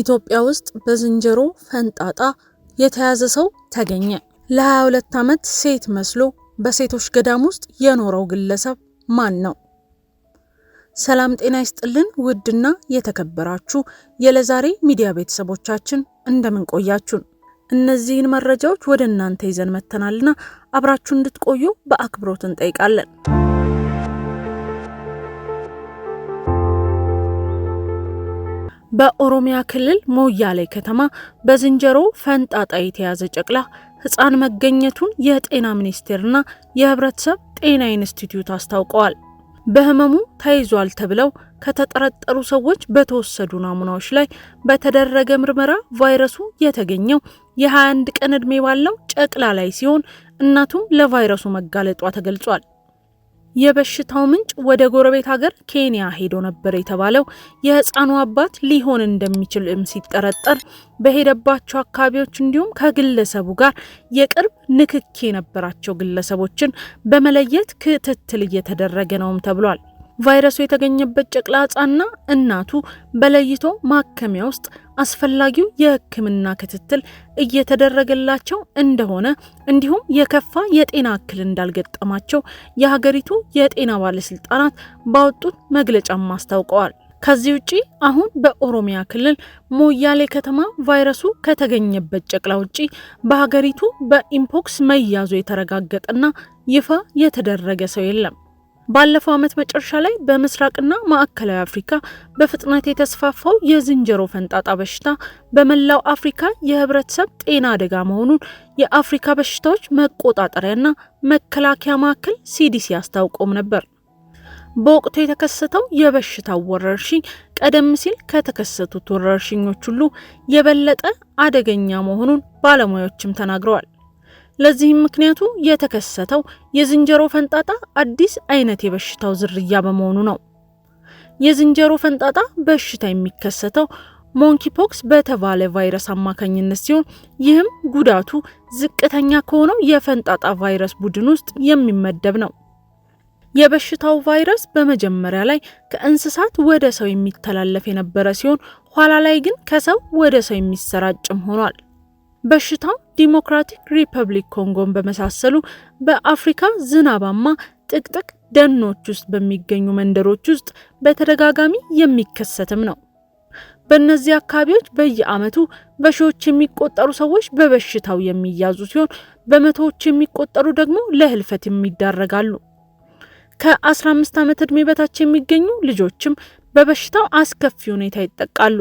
ኢትዮጵያ ውስጥ በዝንጀሮ ፈንጣጣ የተያዘ ሰው ተገኘ። ለ22 ዓመት ሴት መስሎ በሴቶች ገዳም ውስጥ የኖረው ግለሰብ ማን ነው? ሰላም ጤና ይስጥልን ውድና የተከበራችሁ የለዛሬ ሚዲያ ቤተሰቦቻችን እንደምን ቆያችሁን? እነዚህን መረጃዎች ወደ እናንተ ይዘን መተናልና አብራችሁ እንድትቆዩ በአክብሮት እንጠይቃለን። በኦሮሚያ ክልል ሞያሌ ከተማ በዝንጀሮ ፈንጣጣ የተያዘ ጨቅላ ህፃን መገኘቱን የጤና ሚኒስቴርና የህብረተሰብ ጤና ኢንስቲትዩት አስታውቀዋል። በህመሙ ተይዟል ተብለው ከተጠረጠሩ ሰዎች በተወሰዱ ናሙናዎች ላይ በተደረገ ምርመራ ቫይረሱ የተገኘው የ21 ቀን ዕድሜ ባለው ጨቅላ ላይ ሲሆን እናቱም ለቫይረሱ መጋለጧ ተገልጿል። የበሽታው ምንጭ ወደ ጎረቤት ሀገር ኬንያ ሄዶ ነበር የተባለው የህፃኑ አባት ሊሆን እንደሚችልም ሲጠረጠር በሄደባቸው አካባቢዎች እንዲሁም ከግለሰቡ ጋር የቅርብ ንክኪ የነበራቸው ግለሰቦችን በመለየት ክትትል እየተደረገ ነውም ተብሏል። ቫይረሱ የተገኘበት ጨቅላ ህጻንና እናቱ በለይቶ ማከሚያ ውስጥ አስፈላጊው የህክምና ክትትል እየተደረገላቸው እንደሆነ እንዲሁም የከፋ የጤና እክል እንዳልገጠማቸው የሀገሪቱ የጤና ባለስልጣናት ባወጡት መግለጫም አስታውቀዋል። ከዚህ ውጪ አሁን በኦሮሚያ ክልል ሞያሌ ከተማ ቫይረሱ ከተገኘበት ጨቅላ ውጪ በሀገሪቱ በኢምፖክስ መያዙ የተረጋገጠና ይፋ የተደረገ ሰው የለም። ባለፈው ዓመት መጨረሻ ላይ በምስራቅና ማዕከላዊ አፍሪካ በፍጥነት የተስፋፋው የዝንጀሮ ፈንጣጣ በሽታ በመላው አፍሪካ የህብረተሰብ ጤና አደጋ መሆኑን የአፍሪካ በሽታዎች መቆጣጠሪያና መከላከያ ማዕከል ሲዲሲ አስታውቆም ነበር። በወቅቱ የተከሰተው የበሽታው ወረርሽኝ ቀደም ሲል ከተከሰቱት ወረርሽኞች ሁሉ የበለጠ አደገኛ መሆኑን ባለሙያዎችም ተናግረዋል። ለዚህም ምክንያቱ የተከሰተው የዝንጀሮ ፈንጣጣ አዲስ አይነት የበሽታው ዝርያ በመሆኑ ነው። የዝንጀሮ ፈንጣጣ በሽታ የሚከሰተው ሞንኪፖክስ በተባለ ቫይረስ አማካኝነት ሲሆን ይህም ጉዳቱ ዝቅተኛ ከሆነው የፈንጣጣ ቫይረስ ቡድን ውስጥ የሚመደብ ነው። የበሽታው ቫይረስ በመጀመሪያ ላይ ከእንስሳት ወደ ሰው የሚተላለፍ የነበረ ሲሆን ኋላ ላይ ግን ከሰው ወደ ሰው የሚሰራጭም ሆኗል። በሽታው ዲሞክራቲክ ሪፐብሊክ ኮንጎን በመሳሰሉ በአፍሪካ ዝናባማ ጥቅጥቅ ደኖች ውስጥ በሚገኙ መንደሮች ውስጥ በተደጋጋሚ የሚከሰትም ነው። በእነዚህ አካባቢዎች በየዓመቱ በሺዎች የሚቆጠሩ ሰዎች በበሽታው የሚያዙ ሲሆን በመቶዎች የሚቆጠሩ ደግሞ ለህልፈት የሚዳረጋሉ። ከ15 ዓመት ዕድሜ በታች የሚገኙ ልጆችም በበሽታው አስከፊ ሁኔታ ይጠቃሉ።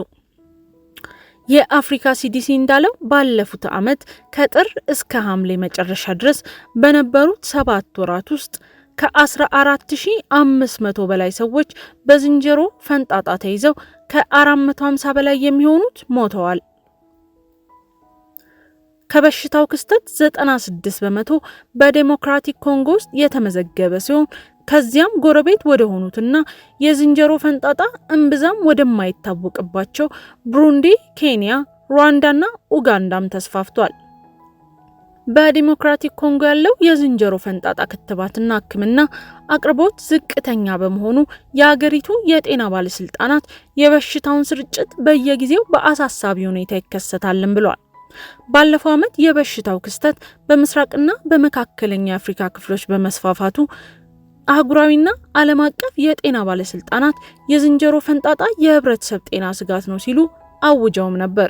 የአፍሪካ ሲዲሲ እንዳለው ባለፉት ዓመት ከጥር እስከ ሐምሌ መጨረሻ ድረስ በነበሩት ሰባት ወራት ውስጥ ከ14500 በላይ ሰዎች በዝንጀሮ ፈንጣጣ ተይዘው ከ450 በላይ የሚሆኑት ሞተዋል። ከበሽታው ክስተት 96 በመቶ በዴሞክራቲክ ኮንጎ ውስጥ የተመዘገበ ሲሆን ከዚያም ጎረቤት ወደ ሆኑትና የዝንጀሮ ፈንጣጣ እምብዛም ወደማይታወቅባቸው ብሩንዲ፣ ኬንያ፣ ሩዋንዳና ኡጋንዳም ተስፋፍቷል። በዲሞክራቲክ ኮንጎ ያለው የዝንጀሮ ፈንጣጣ ክትባትና ሕክምና አቅርቦት ዝቅተኛ በመሆኑ የአገሪቱ የጤና ባለስልጣናት የበሽታውን ስርጭት በየጊዜው በአሳሳቢ ሁኔታ ይከሰታልን ብለዋል። ባለፈው ዓመት የበሽታው ክስተት በምስራቅና በመካከለኛ የአፍሪካ ክፍሎች በመስፋፋቱ አህጉራዊና ዓለም አቀፍ የጤና ባለስልጣናት የዝንጀሮ ፈንጣጣ የህብረተሰብ ጤና ስጋት ነው ሲሉ አውጀውም ነበር።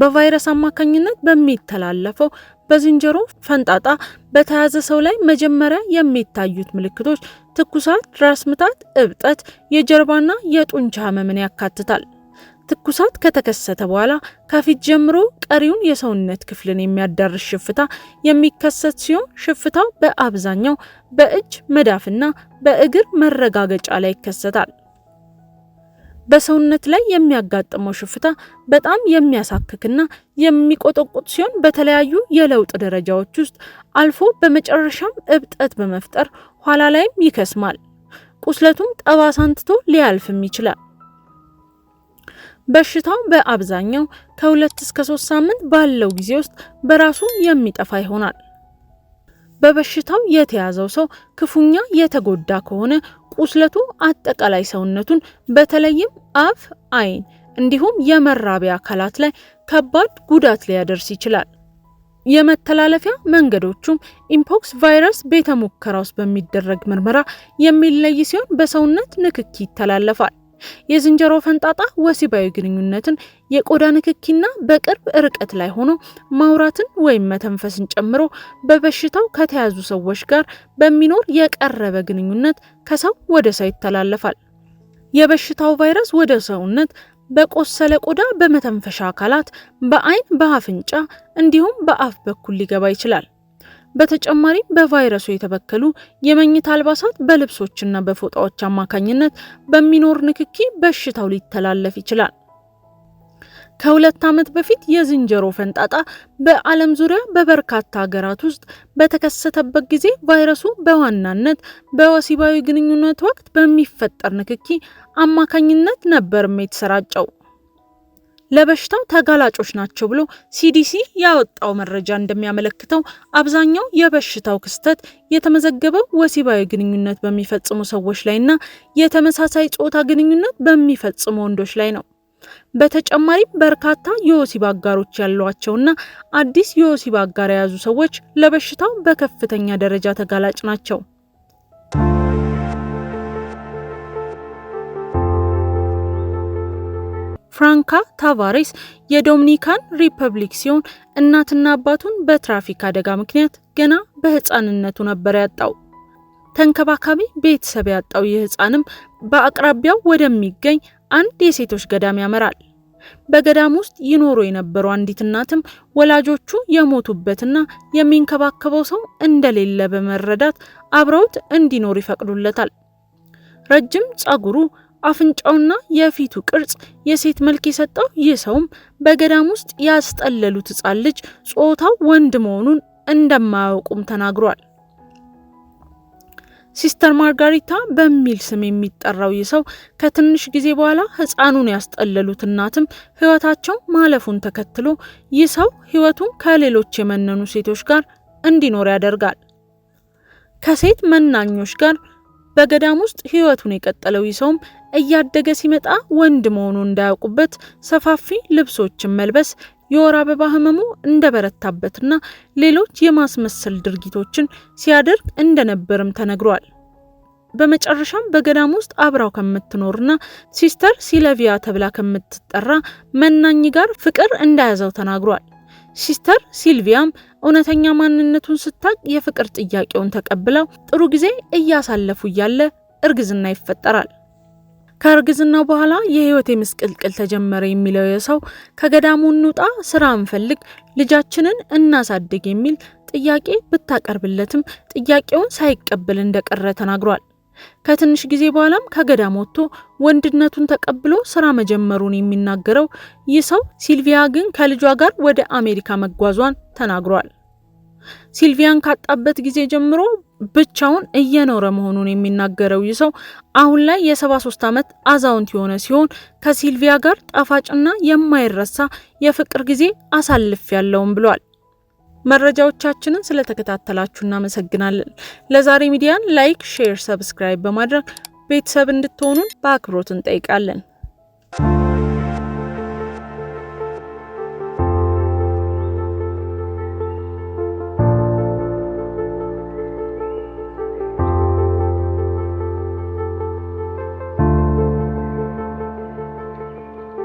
በቫይረስ አማካኝነት በሚተላለፈው በዝንጀሮ ፈንጣጣ በተያዘ ሰው ላይ መጀመሪያ የሚታዩት ምልክቶች ትኩሳት፣ ራስ ምታት፣ እብጠት፣ የጀርባና የጡንቻ ህመምን ያካትታል። ትኩሳት ከተከሰተ በኋላ ከፊት ጀምሮ ቀሪውን የሰውነት ክፍልን የሚያዳርስ ሽፍታ የሚከሰት ሲሆን ሽፍታው በአብዛኛው በእጅ መዳፍና በእግር መረጋገጫ ላይ ይከሰታል። በሰውነት ላይ የሚያጋጥመው ሽፍታ በጣም የሚያሳክክና የሚቆጠቁጥ ሲሆን በተለያዩ የለውጥ ደረጃዎች ውስጥ አልፎ በመጨረሻም እብጠት በመፍጠር ኋላ ላይም ይከስማል። ቁስለቱም ጠባሳንትቶ ሊያልፍም ይችላል። በሽታው በአብዛኛው ከሁለት እስከ ሶስት ሳምንት ባለው ጊዜ ውስጥ በራሱ የሚጠፋ ይሆናል። በበሽታው የተያዘው ሰው ክፉኛ የተጎዳ ከሆነ ቁስለቱ አጠቃላይ ሰውነቱን በተለይም አፍ፣ ዓይን እንዲሁም የመራቢያ አካላት ላይ ከባድ ጉዳት ሊያደርስ ይችላል። የመተላለፊያ መንገዶቹም ኢምፖክስ ቫይረስ ቤተ ሙከራ ውስጥ በሚደረግ ምርመራ የሚለይ ሲሆን በሰውነት ንክኪ ይተላለፋል። የዝንጀሮ ፈንጣጣ ወሲባዊ ግንኙነትን፣ የቆዳ ንክኪና በቅርብ ርቀት ላይ ሆኖ ማውራትን ወይም መተንፈስን ጨምሮ በበሽታው ከተያዙ ሰዎች ጋር በሚኖር የቀረበ ግንኙነት ከሰው ወደ ሰው ይተላለፋል። የበሽታው ቫይረስ ወደ ሰውነት በቆሰለ ቆዳ፣ በመተንፈሻ አካላት፣ በአይን፣ በአፍንጫ እንዲሁም በአፍ በኩል ሊገባ ይችላል። በተጨማሪም በቫይረሱ የተበከሉ የመኝታ አልባሳት በልብሶችና በፎጣዎች አማካኝነት በሚኖር ንክኪ በሽታው ሊተላለፍ ይችላል። ከሁለት ዓመት በፊት የዝንጀሮ ፈንጣጣ በዓለም ዙሪያ በበርካታ ሀገራት ውስጥ በተከሰተበት ጊዜ ቫይረሱ በዋናነት በወሲባዊ ግንኙነት ወቅት በሚፈጠር ንክኪ አማካኝነት ነበርም የተሰራጨው። ለበሽታው ተጋላጮች ናቸው ብሎ ሲዲሲ ያወጣው መረጃ እንደሚያመለክተው አብዛኛው የበሽታው ክስተት የተመዘገበው ወሲባዊ ግንኙነት በሚፈጽሙ ሰዎች ላይና የተመሳሳይ ጾታ ግንኙነት በሚፈጽሙ ወንዶች ላይ ነው። በተጨማሪም በርካታ የወሲብ አጋሮች ያሏቸውና አዲስ የወሲብ አጋር የያዙ ሰዎች ለበሽታው በከፍተኛ ደረጃ ተጋላጭ ናቸው። ፍራንካ ታቫሬስ የዶሚኒካን ሪፐብሊክ ሲሆን እናትና አባቱን በትራፊክ አደጋ ምክንያት ገና በህፃንነቱ ነበር ያጣው። ተንከባካቢ ቤተሰብ ያጣው ይህ ህፃንም በአቅራቢያው ወደሚገኝ አንድ የሴቶች ገዳም ያመራል። በገዳም ውስጥ ይኖሩ የነበሩ አንዲት እናትም ወላጆቹ የሞቱበትና የሚንከባከበው ሰው እንደሌለ በመረዳት አብረውት እንዲኖር ይፈቅዱለታል። ረጅም ጸጉሩ አፍንጫውና የፊቱ ቅርጽ የሴት መልክ የሰጠው ይህ ሰውም በገዳም ውስጥ ያስጠለሉት ህፃን ልጅ ጾታው ወንድ መሆኑን እንደማያውቁም ተናግሯል። ሲስተር ማርጋሪታ በሚል ስም የሚጠራው ይህ ሰው ከትንሽ ጊዜ በኋላ ህፃኑን ያስጠለሉት እናትም ህይወታቸው ማለፉን ተከትሎ ይህ ሰው ሕይወቱን ከሌሎች የመነኑ ሴቶች ጋር እንዲኖር ያደርጋል። ከሴት መናኞች ጋር በገዳም ውስጥ ህይወቱን የቀጠለው ይህ ሰውም እያደገ ሲመጣ ወንድ መሆኑ እንዳያውቁበት ሰፋፊ ልብሶችን መልበስ የወር አበባ ህመሙ እንደበረታበትና ሌሎች የማስመሰል ድርጊቶችን ሲያደርግ እንደነበርም ተነግሯል። በመጨረሻም በገዳም ውስጥ አብራው ከምትኖርና ሲስተር ሲለቪያ ተብላ ከምትጠራ መናኝ ጋር ፍቅር እንደያዘው ተናግሯል። ሲስተር ሲልቪያም እውነተኛ ማንነቱን ስታቅ የፍቅር ጥያቄውን ተቀብለው ጥሩ ጊዜ እያሳለፉ እያለ እርግዝና ይፈጠራል። ከእርግዝናው በኋላ የህይወት ምስቅልቅል ተጀመረ የሚለው የሰው ከገዳሙ እንውጣ፣ ስራ እንፈልግ፣ ልጃችንን እናሳድግ የሚል ጥያቄ ብታቀርብለትም ጥያቄውን ሳይቀበል እንደቀረ ተናግሯል። ከትንሽ ጊዜ በኋላም ከገዳም ወጥቶ ወንድነቱን ተቀብሎ ስራ መጀመሩን የሚናገረው ይህ ሰው ሲልቪያ ግን ከልጇ ጋር ወደ አሜሪካ መጓዟን ተናግሯል። ሲልቪያን ካጣበት ጊዜ ጀምሮ ብቻውን እየኖረ መሆኑን የሚናገረው ይህ ሰው አሁን ላይ የ73 ዓመት አዛውንት የሆነ ሲሆን ከሲልቪያ ጋር ጣፋጭና የማይረሳ የፍቅር ጊዜ አሳልፍ ያለውም ብሏል። መረጃዎቻችንን ስለተከታተላችሁ እናመሰግናለን። ለዛሬ ሚዲያን ላይክ፣ ሼር፣ ሰብስክራይብ በማድረግ ቤተሰብ እንድትሆኑን በአክብሮት እንጠይቃለን።